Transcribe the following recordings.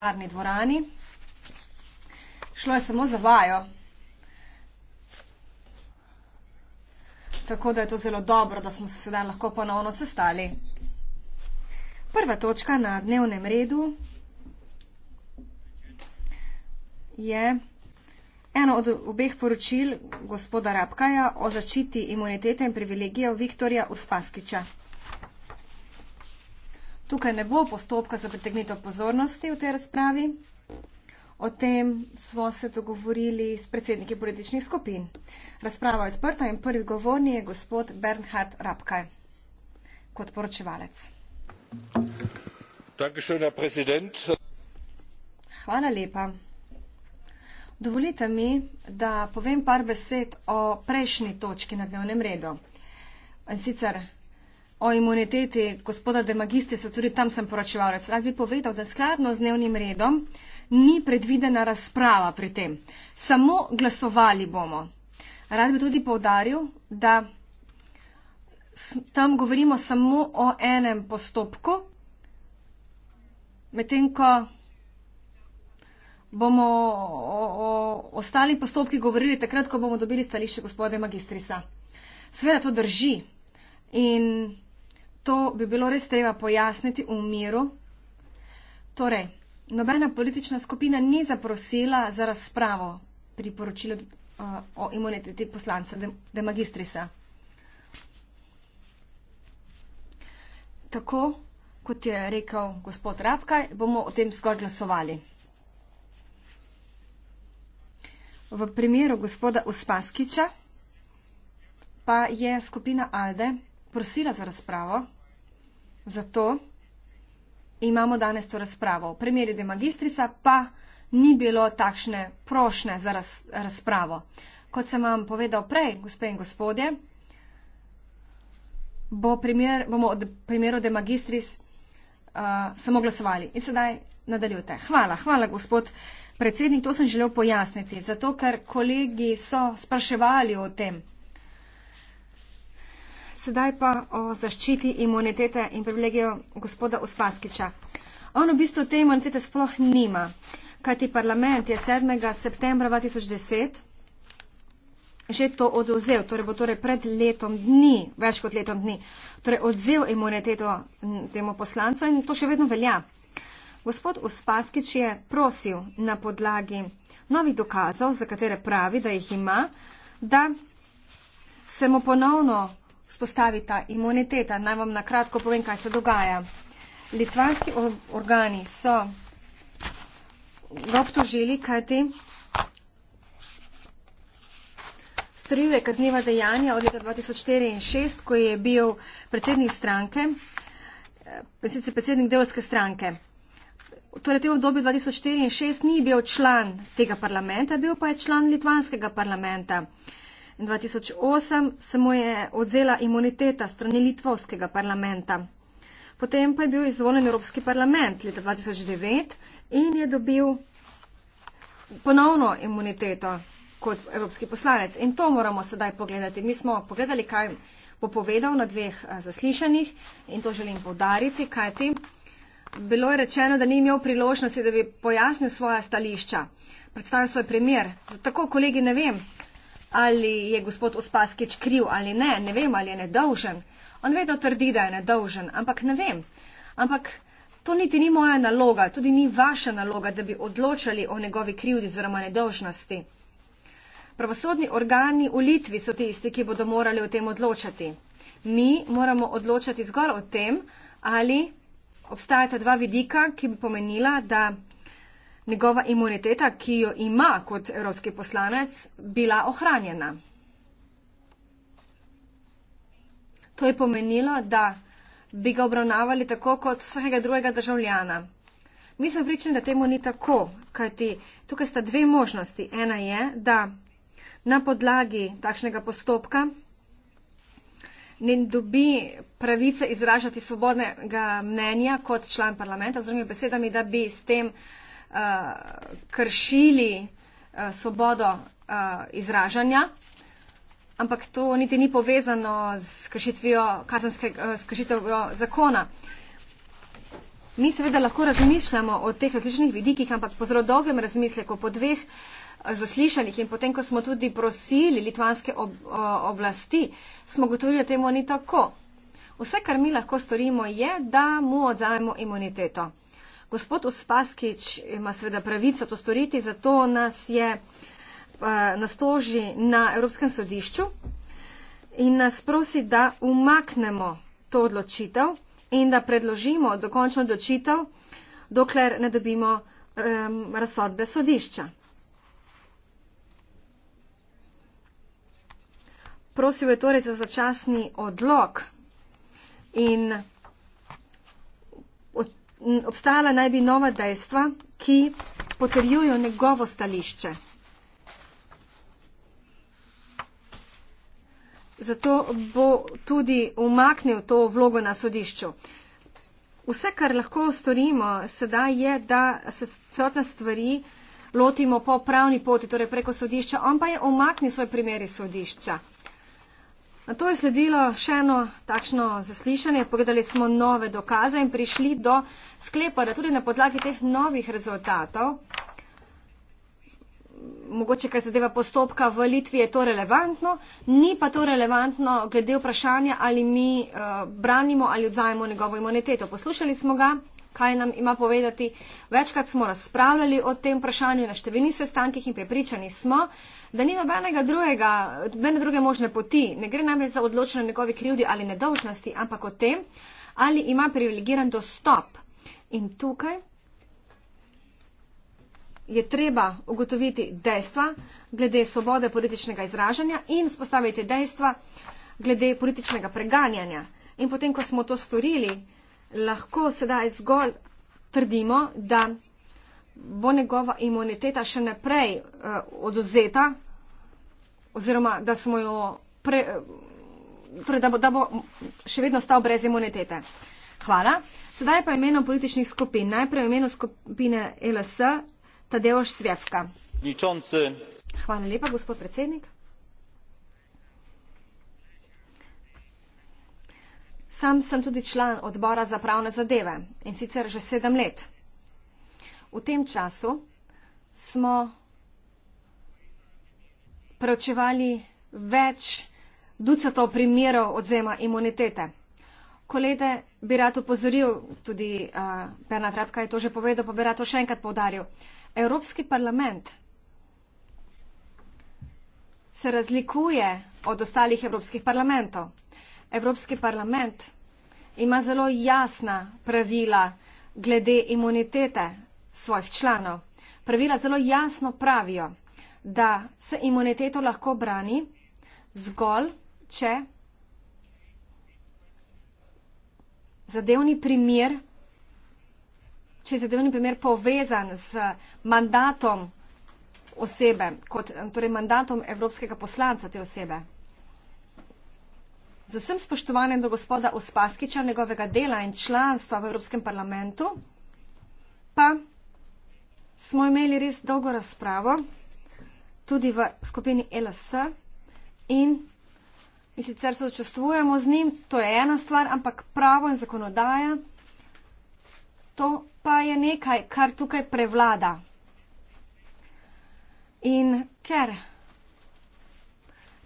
plenarni dvorani. Šlo je samo za vajo. Tako da je to zelo dobro, da smo se sedaj lahko ponovno sestali. Prva točka na dnevnem redu je eno od obeh poročil gospoda Rabkaja o zaščiti imunitete in privilegijev Viktorja Uspaskiča. Tukaj ne bo postopka za pritegnitev pozornosti v tej razpravi. O tem smo se dogovorili s predsedniki političnih skupin. Razprava je odprta in prvi govorni je gospod Bernhard Rapkaj kot poročevalec. Hvala lepa. Dovolite mi, da povem par besed o prejšnji točki na dnevnem redu. In sicer O imuniteti gospoda De Magistrisa, tudi tam sem poročevalec. Rad bi povedal, da skladno z dnevnim redom ni predvidena razprava pri tem. Samo glasovali bomo. Rad bi tudi povdaril, da tam govorimo samo o enem postopku, medtem ko bomo o, o ostali postopki govorili takrat, ko bomo dobili stališče gospode Magistrisa. Sveda to drži. In to bi bilo res treba pojasniti v miru. Torej, nobena politična skupina ni zaprosila za razpravo pri poročilu uh, o imuniteti poslanca demagistrisa. De Tako, kot je rekel gospod Rabkaj, bomo o tem zgolj glasovali. V primeru gospoda Uspaskiča pa je skupina Alde prosila za razpravo, zato imamo danes to razpravo. Primer je, da je magistrica, pa ni bilo takšne prošne za raz, razpravo. Kot sem vam povedal prej, gospe in gospodje, bo primer, bomo od primeru de magistris uh, samo glasovali. In sedaj nadaljujte. Hvala, hvala, gospod predsednik. To sem želel pojasniti, zato ker kolegi so spraševali o tem sedaj pa o zaščiti imunitete in privilegijo gospoda Uspaskiča. On v bistvu te imunitete sploh nima, kajti parlament je 7. septembra 2010 že to odvzel, torej bo torej pred letom dni, več kot letom dni, torej odzel imuniteto temu poslancu in to še vedno velja. Gospod Uspaskič je prosil na podlagi novih dokazov, za katere pravi, da jih ima, da se mu ponovno vzpostavita imuniteta. Naj vam na kratko povem, kaj se dogaja. Litvanski organi so ga obtožili, kaj ti storil je kazniva dejanja od leta 2004 in 2006, ko je bil predsednik stranke, eh, sicer predsednik delovske stranke. Torej, v tem obdobju 2004 in 2006 ni bil član tega parlamenta, bil pa je član litvanskega parlamenta. Uh, In 2008 se mu je odzela imuniteta strani Litvovskega parlamenta. Potem pa je bil izvoljen Evropski parlament leta 2009 in je dobil ponovno imuniteto kot evropski poslanec. In to moramo sedaj pogledati. Mi smo pogledali, kaj bo povedal na dveh eh, zaslišanjih in to želim povdariti, kaj ti. Bilo je rečeno, da ni imel priložnosti, da bi pojasnil svoja stališča, predstavil svoj primer. Tako, kolegi, ne vem, ali je gospod Uspaskič kriv ali ne, ne vem, ali je nedolžen. On vedno trdi, da je nedolžen, ampak ne vem. Ampak to niti ni moja naloga, tudi ni vaša naloga, da bi odločali o njegovi krivdi oziroma nedolžnosti. Pravosodni organi v Litvi so tisti, ki bodo morali o tem odločati. Mi moramo odločati zgolj o tem, ali obstajata dva vidika, ki bi pomenila, da njegova imuniteta, ki jo ima kot evropski poslanec, bila ohranjena. To je pomenilo, da bi ga obravnavali tako kot vsakega drugega državljana. Mi smo pričani, da temu ni tako, kajti tukaj sta dve možnosti. Ena je, da na podlagi takšnega postopka ne dobi pravice izražati svobodnega mnenja kot član parlamenta, z drugimi besedami, da bi s tem uh, uh, kršili uh, svobodo uh, izražanja, ampak to niti ni povezano z kršitvijo kazenskega uh, zakona. Mi seveda lahko razmišljamo o teh različnih vidikih, ampak po zelo dolgem razmisleku, po dveh zaslišanjih in potem, ko smo tudi prosili litvanske ob, oblasti, smo gotovili, da temu ni tako. Vse, kar mi lahko storimo, je, da mu odzajemo imuniteto. Gospod Uspaskič ima seveda pravico to storiti, zato nas je eh, nastoži na Evropskem sodišču in nas prosi, da umaknemo to odločitev in da predložimo dokončno odločitev, dokler ne dobimo um, razsodbe sodišča. Prosil je torej za začasni odlog in obstajala naj bi nova dejstva, ki potrjujo njegovo stališče. Zato bo tudi umaknil to vlogo na sodišču. Vse, kar lahko storimo sedaj, je, da se celotne stvari lotimo po pravni poti, torej preko sodišča. On pa je umaknil svoj primer iz sodišča. Na to je sledilo še eno takšno zaslišanje, pogledali smo nove dokaze in prišli do sklepa, da tudi na podlagi teh novih rezultatov, mogoče kaj zadeva postopka v Litvi, je to relevantno, ni pa to relevantno glede vprašanja, ali mi uh, branimo ali odzajemo njegovo imuniteto. Poslušali smo ga kaj nam ima povedati. Večkrat smo razpravljali o tem vprašanju na številnih sestankih in prepričani smo, da ni nobenega drugega, nobene druge možne poti. Ne gre namreč za odločeno njegovi krivdi ali nedolžnosti, ampak o tem, ali ima privilegiran dostop. In tukaj je treba ugotoviti dejstva glede svobode političnega izražanja in spostaviti dejstva glede političnega preganjanja. In potem, ko smo to storili, lahko sedaj zgolj trdimo, da bo njegova imuniteta še naprej uh, eh, oduzeta oziroma da smo jo pre, eh, torej da bo, da bo še vedno stal brez imunitete. Hvala. Sedaj pa imeno političnih skupin. Najprej imeno skupine LS Tadeoš Svjevka. Ničonce. Hvala lepa, gospod predsednik. Sam sem tudi član odbora za pravne zadeve in sicer že sedem let. V tem času smo preučevali več ducatov primerov odzema imunitete. Kolede bi rad upozoril, tudi uh, Bernard Rapka je to že povedal, pa bi rad to še enkrat povdaril. Evropski parlament se razlikuje od ostalih evropskih parlamentov. Evropski parlament ima zelo jasna pravila glede imunitete svojih članov. Pravila zelo jasno pravijo, da se imuniteto lahko brani zgolj, če zadevni primer, če je zadevni primer povezan z mandatom osebe, kot, torej mandatom evropskega poslanca te osebe. Z vsem spoštovanjem do gospoda Uspaskiča, njegovega dela in članstva v Evropskem parlamentu, pa smo imeli res dolgo razpravo, tudi v skupini LS in mi sicer sočustvujemo z njim, to je ena stvar, ampak pravo in zakonodaja, to pa je nekaj, kar tukaj prevlada. In ker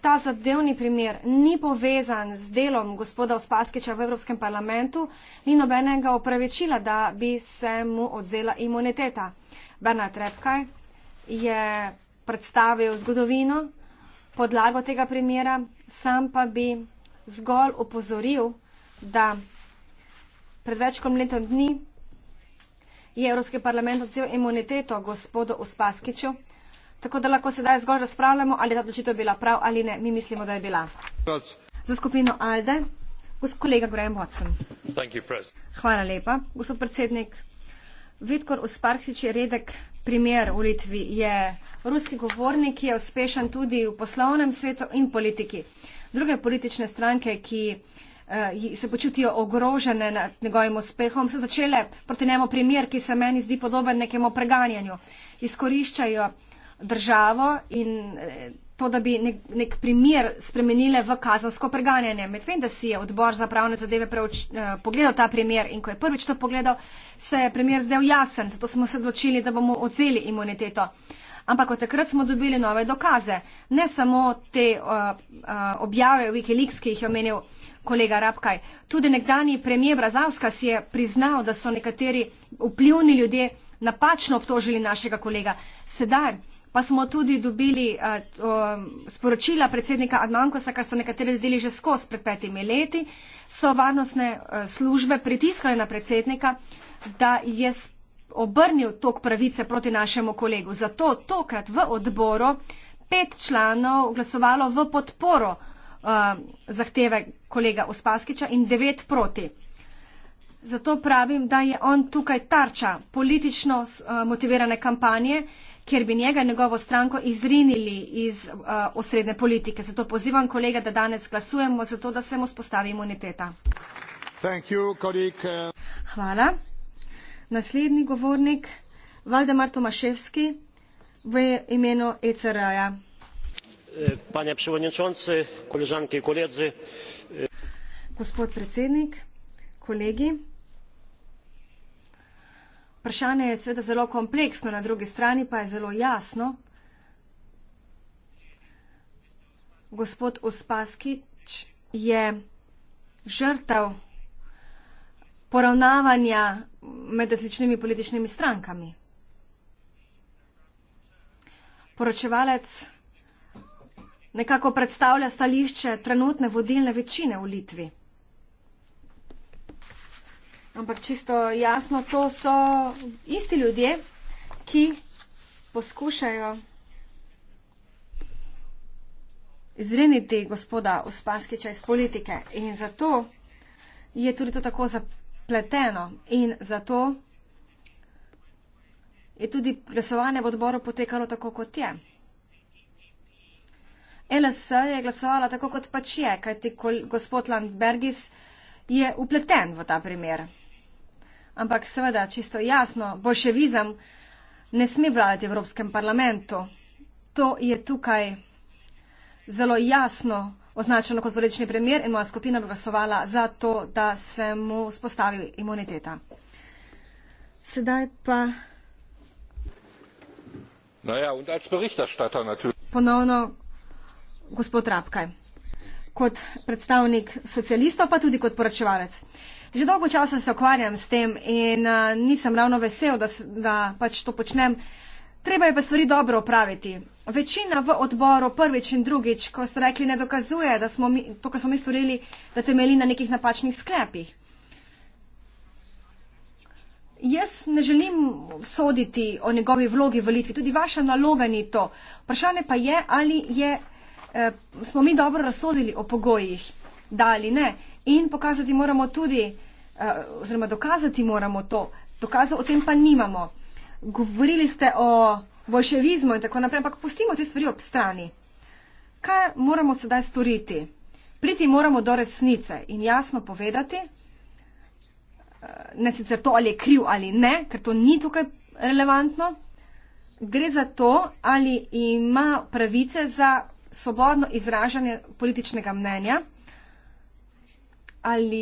ta zadevni primer ni povezan z delom gospoda Ospaskiča v Evropskem parlamentu, ni nobenega opravičila, da bi se mu odzela imuniteta. Bernard Repkaj je predstavil zgodovino, podlago tega primera, sam pa bi zgolj opozoril, da pred večkom letom dni je Evropski parlament odzel imuniteto gospodu Ospaskiču. Tako da lahko sedaj zgolj razpravljamo, ali je ta odločitev bila prav ali ne. Mi mislimo, da je bila. Prost. Za skupino Alde, gospod kolega Graham Watson. Hvala lepa, gospod predsednik. Vidkor Usparhič je redek primer v Litvi. Je ruski govornik, ki je uspešen tudi v poslovnem svetu in politiki. Druge politične stranke, ki eh, se počutijo ogrožene nad njegovim uspehom, so začele proti njemu primer, ki se meni zdi podoben nekemu preganjanju. Izkoriščajo državo in eh, to, da bi nek, nek primer spremenile v kazansko preganjanje. Medtem, da si je odbor za pravne zadeve preoč, eh, pogledal ta primer in ko je prvič to pogledal, se je primer zdel jasen, zato smo se odločili, da bomo odzeli imuniteto. Ampak od takrat smo dobili nove dokaze. Ne samo te uh, uh, objave v Wikileaks, ki jih je omenil kolega Rabkaj. Tudi nekdani premijer Brazavska si je priznal, da so nekateri vplivni ljudje napačno obtožili našega kolega. Sedaj pa smo tudi dobili uh, to, um, sporočila predsednika Adnankosa, kar so nekateri zdeli že skozi pred petimi leti, so varnostne uh, službe pritiskale na predsednika, da je obrnil tok pravice proti našemu kolegu. Zato tokrat v odboru pet članov glasovalo v podporo uh, zahteve kolega Uspaskiča in devet proti. Zato pravim, da je on tukaj tarča politično uh, motivirane kampanje, ker bi njega in njegovo stranko izrinili iz uh, osrednje politike. Zato pozivam kolega, da danes glasujemo za to, da se mu spostavi imuniteta. You, Hvala. Naslednji govornik, Valdemar Tomaševski, v imenu ECR-ja. Gospod predsednik, kolegi. Vprašanje je seveda zelo kompleksno, na drugi strani pa je zelo jasno. Gospod Uspaskič je žrtav poravnavanja med različnimi političnimi strankami. Poročevalec nekako predstavlja stališče trenutne vodilne večine v Litvi ampak čisto jasno, to so isti ljudje, ki poskušajo izreniti gospoda Uspaskiča iz politike. In zato je tudi to tako zapleteno. In zato je tudi glasovanje v odboru potekalo tako, kot je. LS je glasovala tako, kot pač je, kajti gospod Landsbergis je upleten v ta primer. Ampak seveda, čisto jasno, bolševizem ne sme vladati v Evropskem parlamentu. To je tukaj zelo jasno označeno kot politični premjer in moja skupina bi glasovala za to, da se mu spostavi imuniteta. Sedaj pa. No ja, Ponovno, gospod Rabkaj kot predstavnik socialistov, pa tudi kot poročevalec. Že dolgo časa se ukvarjam s tem in uh, nisem ravno vesel, da, da pač to počnem. Treba je pa stvari dobro opraviti. Večina v odboru prvič in drugič, ko ste rekli, ne dokazuje, da smo mi, to, kar smo mi storili, da temeli na nekih napačnih sklepih. Jaz ne želim soditi o njegovi vlogi v Litvi, tudi vaša naloga ni to. Vprašanje pa je, ali je eh, smo mi dobro razsodili o pogojih, da ali ne. In pokazati moramo tudi, eh, oziroma dokazati moramo to. Dokazov o tem pa nimamo. Govorili ste o bolševizmu in tako naprej, ampak pustimo te stvari ob strani. Kaj moramo sedaj storiti? Priti moramo do resnice in jasno povedati, eh, ne sicer to, ali je kriv ali ne, ker to ni tukaj relevantno, gre za to, ali ima pravice za svobodno izražanje političnega mnenja ali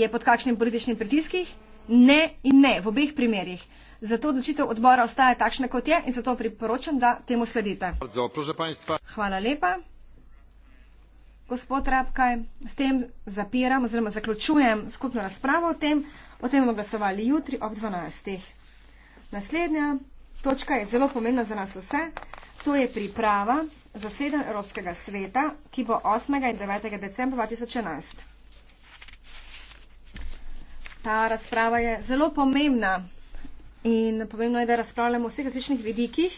je pod kakšnim političnim pritiskih. Ne in ne, v obeh primerjih. Zato odločitev odbora ostaja takšna, kot je in zato priporočam, da temu sledite. Hvala lepa. Gospod Rabkaj, s tem zapiram oziroma zaključujem skupno razpravo o tem. O tem bomo glasovali jutri ob 12. Naslednja točka je zelo pomembna za nas vse. To je priprava za sedem Evropskega sveta, ki bo 8. in 9. decembra 2011. Ta razprava je zelo pomembna in pomembno je, da razpravljamo o vseh različnih vidikih